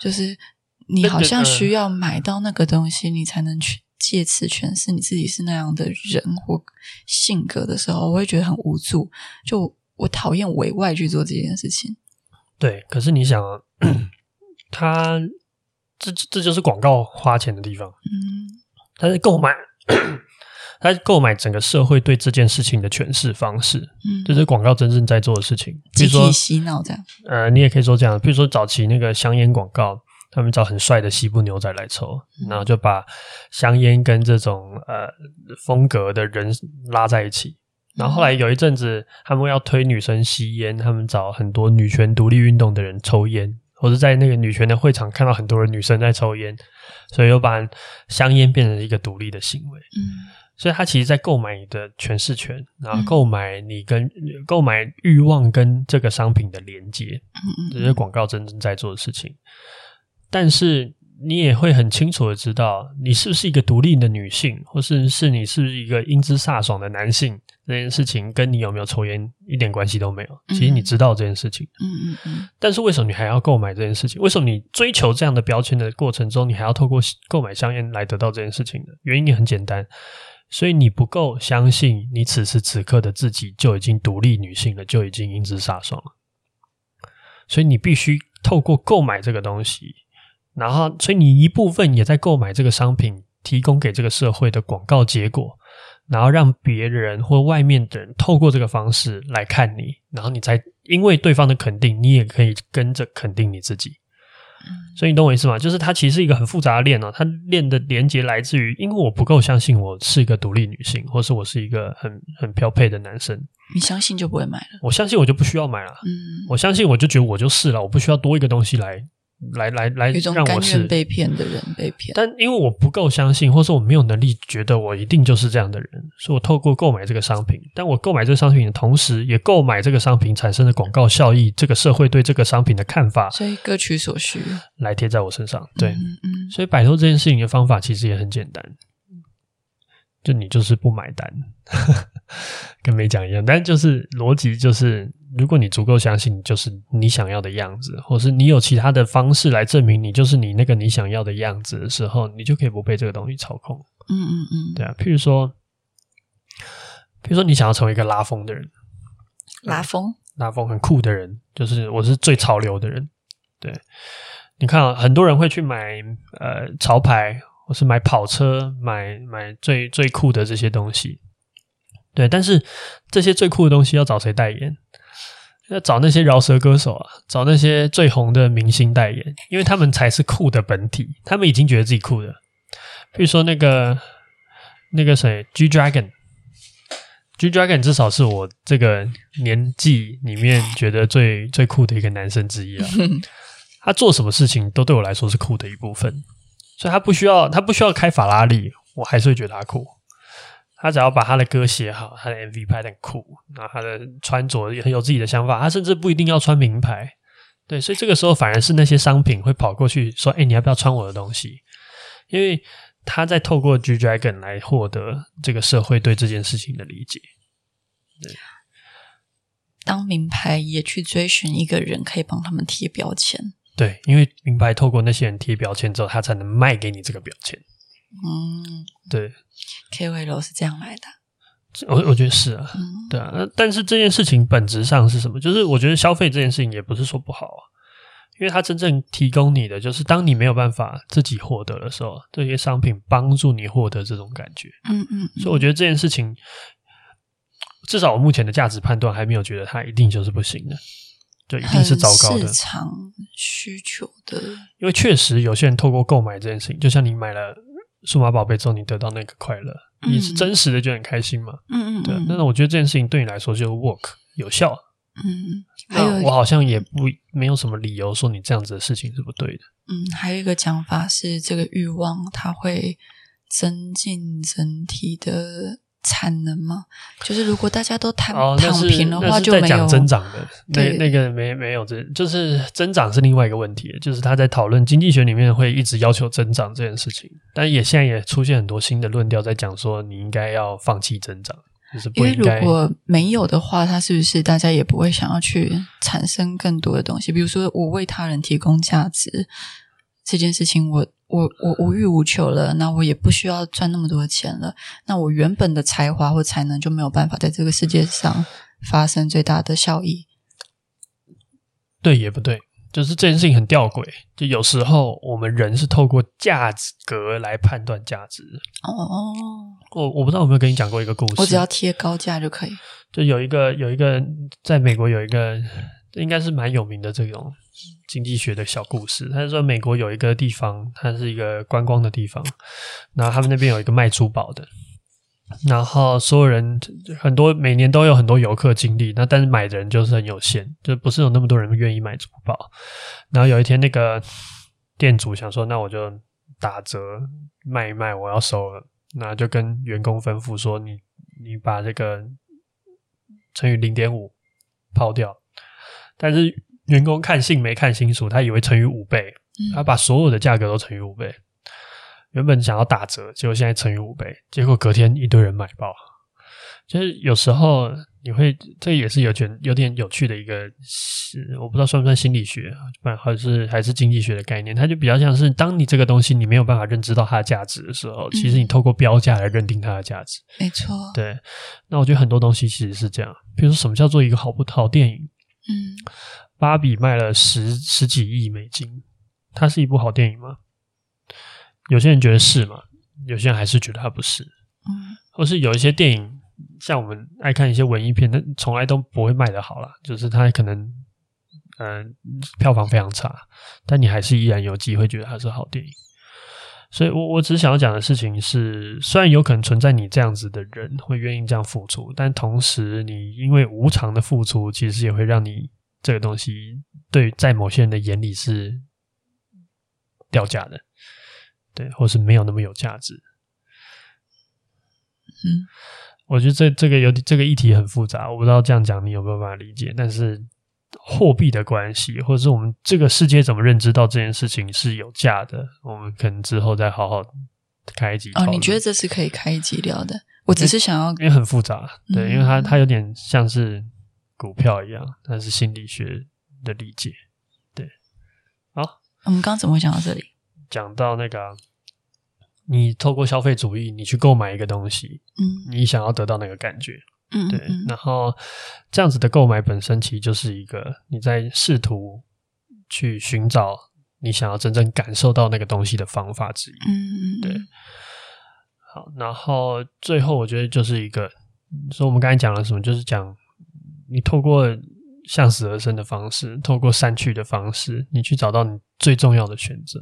就是你好像需要買到那個東西，你才能去借此詮釋你自己是那樣的人或性格的時候，我會覺得很無助。就我，我討厭委外去做這件事情。對，可是你想、啊，他。這這就是廣告花錢的地方，嗯，他在購買，他在 購買整個社會對這件事情的詮釋方式，嗯，這是廣告真正在做的事情，比如說，集體洗腦這樣，呃，你也可以說這樣，比如說早期那個香菸廣告，他們找很帥的西部牛仔來抽，嗯，然後就把香菸跟這種呃風格的人拉在一起，然後後來有一陣子他們要推女生吸菸，他們找很多女權獨立運動的人抽菸。我是在那個女權的會場看到很多的女生在抽煙，所以又把香菸變成一個獨立的行為。嗯，所以他其實，在購買你的詮釋權，然後購買你跟、嗯、購買慾望跟這個商品的連接，嗯、就、這是廣告真正在做的事情。但是。你也會很清楚的知道，你是不是一個獨立的女性，或是是你是不是一個英姿颯爽的男性？這件事情跟你有沒有抽煙一點關係都沒有。其實你知道這件事情，嗯嗯，嗯，嗯。但是為什麼你還要購買這件事情？為什麼你追求這樣的標籤的過程中，你還要透過購買香煙來得到這件事情呢？原因也很簡單，所以你不夠相信你此時此刻的自己就已經獨立女性了，就已經英姿颯爽了。所以你必須透過購買這個東西。然後，所以你一部分也在購買這個商品，提供給這個社會的廣告結果，然後讓別人或外面的人透過這個方式來看你，然後你才因為對方的肯定，你也可以跟着肯定你自己。嗯。所以你懂我意思嗎？就是它其實是一個很複雜的鏈哦，它鏈的連結來自於，因為我不夠相信我是一個獨立女性，或是我是一個很很標配的男生，你相信就不會買了，我相信我就不需要買了，嗯，我相信我就覺得我就是了，我不需要多一個東西來。來來來，讓我是有種被騙的人被騙，但因為我不夠相信，或是我沒有能力，覺得我一定就是這樣的人，所以我透過購買這個商品，但我購買這個商品的同時，也購買這個商品產生的廣告效益，嗯、這個社會對這個商品的看法，所以各取所需來貼在我身上。對，嗯嗯、所以擺脫這件事情的方法其實也很簡單，就你就是不買單，呵呵跟沒講一樣，但就是邏輯就是。如果你足夠相信你就是你想要的樣子，或是你有其他的方式來證明你就是你那個你想要的樣子的時候，你就可以不被這個東西操控。嗯嗯嗯，對啊，譬如說，譬如說，你想要成為一個拉風的人，拉風，嗯、拉風，很酷的人，就是我是最潮流的人。對，你看啊，很多人會去買呃潮牌，或是買跑車，買買最最酷的這些東西。對，但是這些最酷的東西要找誰代言？要找那些饒舌歌手啊，找那些最紅的明星代言，因為他們才是酷的本體，他們已經覺得自己酷了。比如說那個那個誰，G Dragon，G Dragon 至少是我這個年紀裡面覺得最最酷的一個男生之一啊。他做什麼事情都對我來說是酷的一部分，所以他不需要他不需要開法拉利，我還是會覺得他酷。他只要把他的歌寫好，他的 MV 拍得很酷，然後他的穿着也很有自己的想法，他甚至不一定要穿名牌。對，所以這個時候反而是那些商品會跑過去說：“哎，你要不要穿我的東西？”因為他在透過 G Dragon 來獲得這個社會對這件事情的理解。對，當名牌也去追尋一個人，可以幫他們貼標籤。對，因為名牌透過那些人貼標籤之後，他才能賣給你這個標籤。嗯，對。K V 樓是這樣來的。啊，我我覺得是啊，嗯、對啊。但是這件事情本質上是什麼？就是我覺得消費這件事情也不是說不好，啊、因為它真正提供你的，就是當你沒有辦法自己獲得的時候，這些商品幫助你獲得這種感覺。嗯，嗯嗯。所以我覺得這件事情，至少我目前的價值判斷還沒有覺得它一定就是不行的，就一定是糟糕的。市場需求的，因為確實有些人透過購買這件事情，就像你買了。數碼寶貝之後，你得到那個快樂，嗯、你是真實的就很開心嘛？嗯嗯，對。嗯、那我覺得這件事情對你來說就 work 有效。嗯嗯，還有那我好像也不、嗯、沒有什麼理由說你這樣子的事情是不對的。嗯，還有一個講法是，這個欲望它會增進整體的。產能嘛，就是如果大家都躺、哦、躺平的話，就沒有增長的。對。那，那個沒，沒有，這就是增長是另外一個問題。就是他在討論經濟學裡面會一直要求增長這件事情，但也現在也出現很多新的論調，在講說你應該要放棄增長。就是不應該，因為如果沒有的話，他是不是大家也不會想要去產生更多的東西？比如說，我為他人提供價值這件事情，我。我我無欲無求了，那我也不需要賺那麼多錢了，那我原本的才華或才能就沒有辦法在這個世界上發生最大的效益。對也不對，就是這件事情很弔詭。就有時候我們人是透過價格來判斷價值。哦哦、oh，我我不知道有沒有跟你講過一個故事，我只要貼高價就可以。就有一個有一個在美國有一個。這應該是蠻有名的這種經濟學的小故事。他說，美國有一個地方，它是一個觀光的地方，然後他們那邊有一個賣珠寶的，然後所有人很多，每年都有很多遊客經歷，那但是買的人就是很有限，就不是有那麼多人願意買珠寶。然後有一天，那個店主想說，那我就打折賣一賣，我要收了，那就跟員工吩咐說你，你你把這個乘以零點五拋掉。但是員工看信沒看清楚，他以為乘以五倍，他把所有的價格都乘以五倍。嗯、原本想要打折，結果現在乘以五倍，結果隔天一堆人買爆。就是有時候你會，這也是有點有點有趣的一個，我不知道算不算心理學，反正還是還是經濟學的概念。它就比較像是，當你這個東西你沒有辦法認知到它的價值的時候，嗯、其實你透過標價來認定它的價值。沒錯錯。對。那我覺得很多東西其實是這樣，比如說什麼叫做一個好不好電影？嗯，芭比賣了十十幾億美金，它是一部好電影嗎？有些人覺得是嘛，有些人還是覺得它不是。嗯，或是有一些電影，像我們愛看一些文藝片，但從來都不會賣的好啦，就是它可能嗯，呃，票房非常差，但你還是依然有機會覺得它是好電影。所以我，我我只想要講的事情是，雖然有可能存在你這樣子的人會願意這樣付出，但同時，你因為無償的付出，其實也會讓你這個東西對在某些人的眼裡是掉價的，對，或是沒有那麼有價值。嗯，我覺得這這個有這個議題很複雜，我不知道這樣講你有沒有辦法理解，但是。貨幣的關係，或者是我們這個世界怎麼認知到這件事情是有價的？我們可能之後再好好開一集。哦，你覺得這是可以開一集聊的？我只是想要，因為，因為很複雜，嗯、對，因為它它有點像是股票一樣，但是心理學的理解，對。好，我們、嗯、剛剛怎麼會講到這裡？講到那個，你透過消費主義，你去購買一個東西，嗯，你想要得到那個感覺。嗯，對，然後這樣子的購買本身其實就是一個你在試圖去尋找你想要真正感受到那個東西的方法之一。嗯，對。好，然後最後我覺得就是一個，所以我們剛才講了什麼，就是講你透過向死而生的方式，透過刪去的方式，你去找到你最重要的選擇。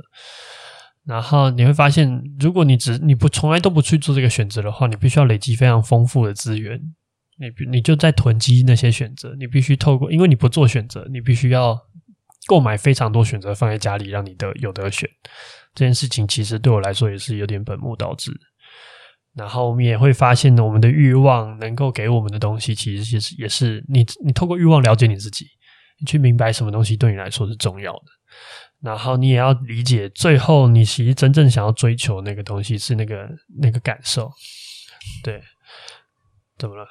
然後你會發現，如果你只，你不，從來都不去做這個選擇的話，你必須要累積非常豐富的資源。你你就在囤積那些選擇，你必須透過，因為你不做選擇，你必須要購買非常多選擇放在家裡，讓你的有得選。這件事情其實對我來說也是有點本末倒置。然後我們也會發現呢，我們的慾望能夠給我們的東西，其實也是也是你你透過慾望了解你自己，你去明白什麼東西對你來說是重要的。然後你也要理解，最後你其實真正想要追求那個東西是那個那個感受。對，怎麼了？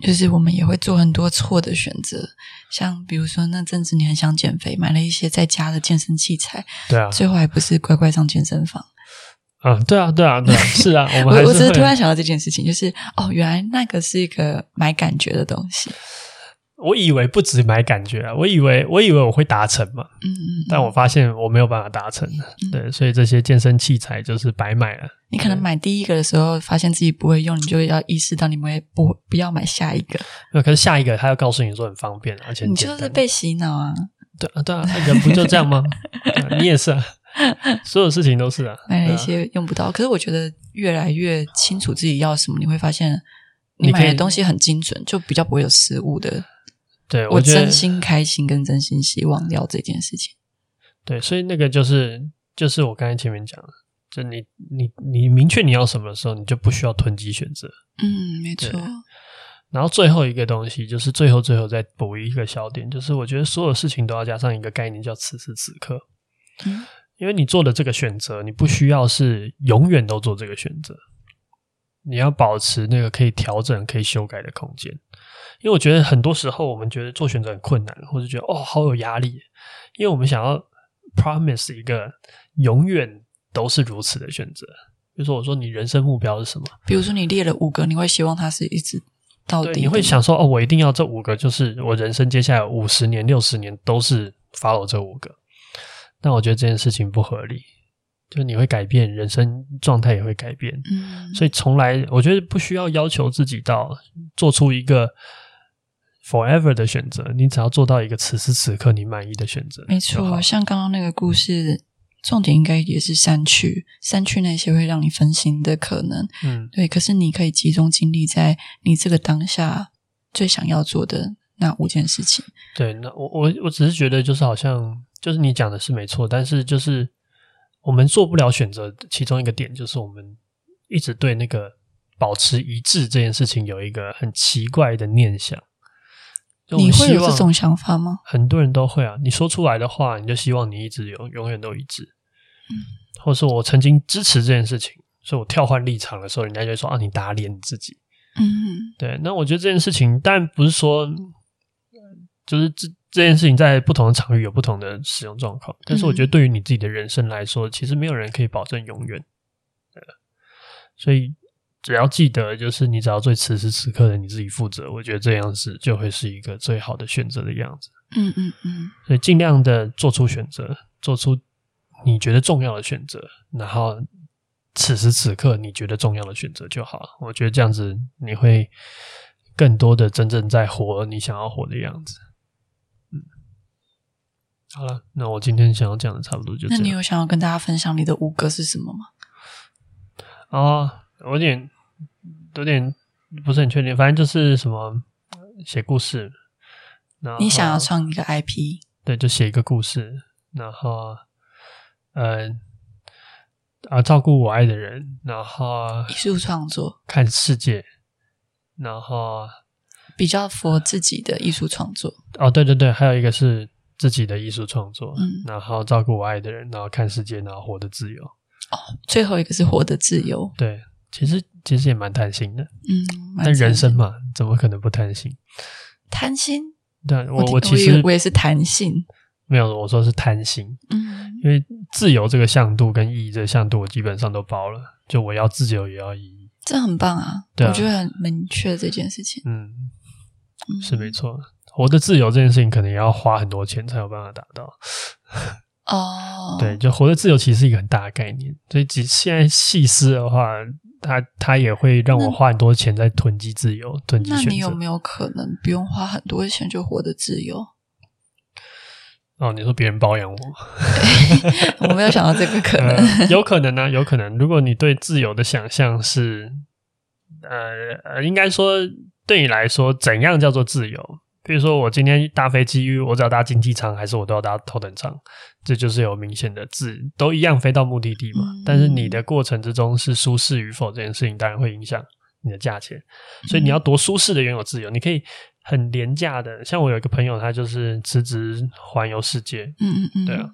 就是我們也會做很多錯的選擇，像比如說那陣子你很想減肥，買了一些在家的健身器材。對啊，最後還不是乖乖上健身房。嗯、啊，對啊，對啊，對，是啊，我我我只是突然想到這件事情，就是哦，原來那個是一個買感覺的東西。我以為不止買感覺啊，我以為我以為我會達成嘛，嗯嗯，但我發現我沒有辦法達成，對，所以這些健身器材就是白買了。你可能買第一個的時候，發現自己不會用，你就要意識到你們也不不要買下一個。可是下一個他要告訴你說很方便，而且你就是被洗腦啊。對啊，對啊，人不就這樣嗎？你也是啊，所有事情都是啊，買了一些用不到。可是我覺得越來越清楚自己要什麼，你會發現你買的東西很精準，就比較不會有失誤的。對我,我真心開心跟真心希望聊這件事情，對，所以那個就是就是我剛才前面講的，就你你你明確你要什麼的時候，你就不需要囤積選擇。嗯，沒錯。然後最後一個東西就是最後最後再補一個小點，就是我覺得所有事情都要加上一個概念叫此時此刻，嗯，因為你做的這個選擇，你不需要是永遠都做這個選擇。你要保持那個可以調整、可以修改的空間，因為我覺得很多時候我們覺得做選擇很困難，或者覺得哦好有壓力，因為我們想要 promise 一個永遠都是如此的選擇。比如說，我說你人生目標是什麼？比如說你列了五個，你會希望它是一直到底？你會想說哦，我一定要這五個，就是我人生接下來五十年、六十年都是 follow 這五個。但我覺得這件事情不合理。就你會改變，人生狀態也會改變。嗯，所以從來我覺得不需要要求自己到做出一個 forever 的選擇，你只要做到一個此時此刻你滿意的選擇。沒錯，好像剛剛那個故事，重點應該也是刪去刪去那些會讓你分心的可能。嗯，對。可是你可以集中精力在你這個當下最想要做的那五件事情。對，那我我我只是覺得，就是好像就是你講的是沒錯，但是就是。我們做不了選擇，其中一個點就是我們一直對那個保持一致這件事情有一個很奇怪的念想。你會有這種想法嗎？很多人都會啊。你說出來的話，你就希望你一直有永永遠都一致。嗯，或者說我曾經支持這件事情，所以我跳換立場的時候，人家就會說啊，你打臉自己。嗯哼，對。那我覺得這件事情，但不是說，就是這。這件事情在不同的場域有不同的使用狀況，但是我覺得對於你自己的人生來說，嗯、其實沒有人可以保證永遠。對，所以，只要記得，就是你只要對此時此刻的你自己負責，我覺得這樣子就會是一個最好的選擇的樣子。嗯嗯嗯，所以盡量的做出選擇，做出你覺得重要的選擇，然後此時此刻你覺得重要的選擇就好了。我覺得這樣子你會更多的真正在活你想要活的樣子。好了，那我今天想要講的差不多就。那你有想要跟大家分享你的五個是什麼嗎？啊，我有點，有點不是很確定，反正就是什麼寫故事。你想要創一個 IP？對，就寫一個故事，然後，嗯、呃，啊，照顧我愛的人，然後藝術創作，看世界，然後比較符合自己的藝術創作、嗯。哦，對對對，還有一個是。自己的藝術創作，然後照顧我愛的人，然後看世界，然後活得自由。哦，最後一個是活得自由。對，其實其實也蠻貪心的。嗯，但人生嘛，怎麼可能不貪心？貪心？對，我我其實我也是貪心。沒有，我說是貪心。嗯，因為自由這個向度跟意義這個向度，我基本上都包了。就我要自由，也要意義，這很棒啊！對，我覺得很明確這件事情。嗯，是沒錯。活得自由這件事情，可能也要花很多錢才有辦法達到。哦，對，就活得自由其實是一個很大的概念，所以現在細思的話，它它也會讓我花很多錢在囤積自由。那囤積，那你有沒有可能不用花很多錢就活得自由？哦，你說別人包養我？ 我沒有想到這個可能，呃、有可能呢、啊，有可能。如果你對自由的想象是，呃，呃應該說對你來說，怎樣叫做自由？比如說，我今天搭飛機，因為我只要搭經濟艙，還是我都要搭頭等艙？這就是有明顯的自，都一樣飛到目的地嘛。但是你的過程之中是舒適與否這件事情，當然會影響你的價錢。所以你要多舒適的擁有自由，你可以很廉價的。像我有一個朋友，他就是辭職環遊世界。嗯嗯嗯，對啊，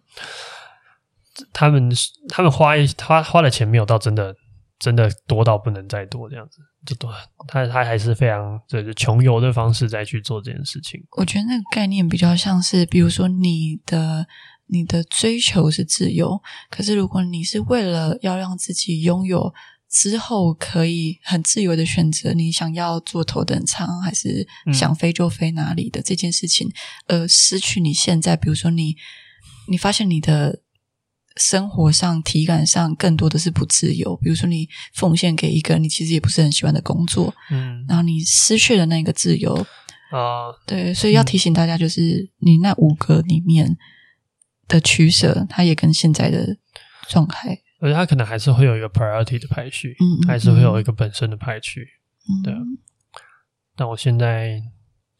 他們他們花一花花的錢沒有到真的。真的多到不能再多，這樣子，就多，他他還是非常就是窮遊的方式再去做這件事情。我覺得那個概念比較像是，比如說你的你的追求是自由，可是如果你是為了要讓自己擁有之後可以很自由的選擇，你想要坐頭等艙還是想飛就飛哪裡的這件事情，嗯、而失去你現在，比如說你你發現你的。生活上、體感上，更多的是不自由。比如說，你奉獻給一個你其實也不是很喜歡的工作，嗯，然後你失去了那個自由，啊、呃，對，所以要提醒大家，就是你那五個裡面的取捨，嗯、它也跟現在的狀態，而且它可能還是會有一個 priority 的排序，嗯，嗯，嗯，還是會有一個本身的排序，嗯，嗯，對。但我現在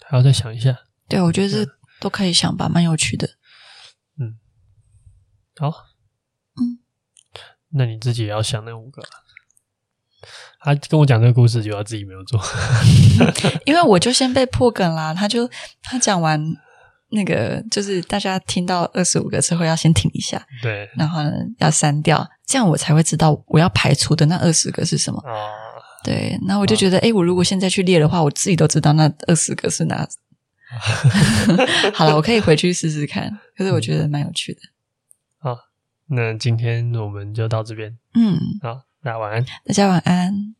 還要再想一下。對，我覺得這都可以想吧，嗯、蠻有趣的。嗯，好、哦。那你自己也要想那五個、啊。他跟我講這個故事，就要自己沒有做，因為我就先被破梗啦。他就他講完那個，就是大家聽到二十五個之後要先停一下，對，然後呢要刪掉，這樣我才會知道我要排除的那二十個是什麼？啊、對，那我就覺得，哎，我如果現在去列的話，我自己都知道那二十個是哪。啊、 好了，我可以回去試試看，可是我覺得蠻有趣的。那今天我們就到這邊。嗯，好，那大家晚安。大家晚安。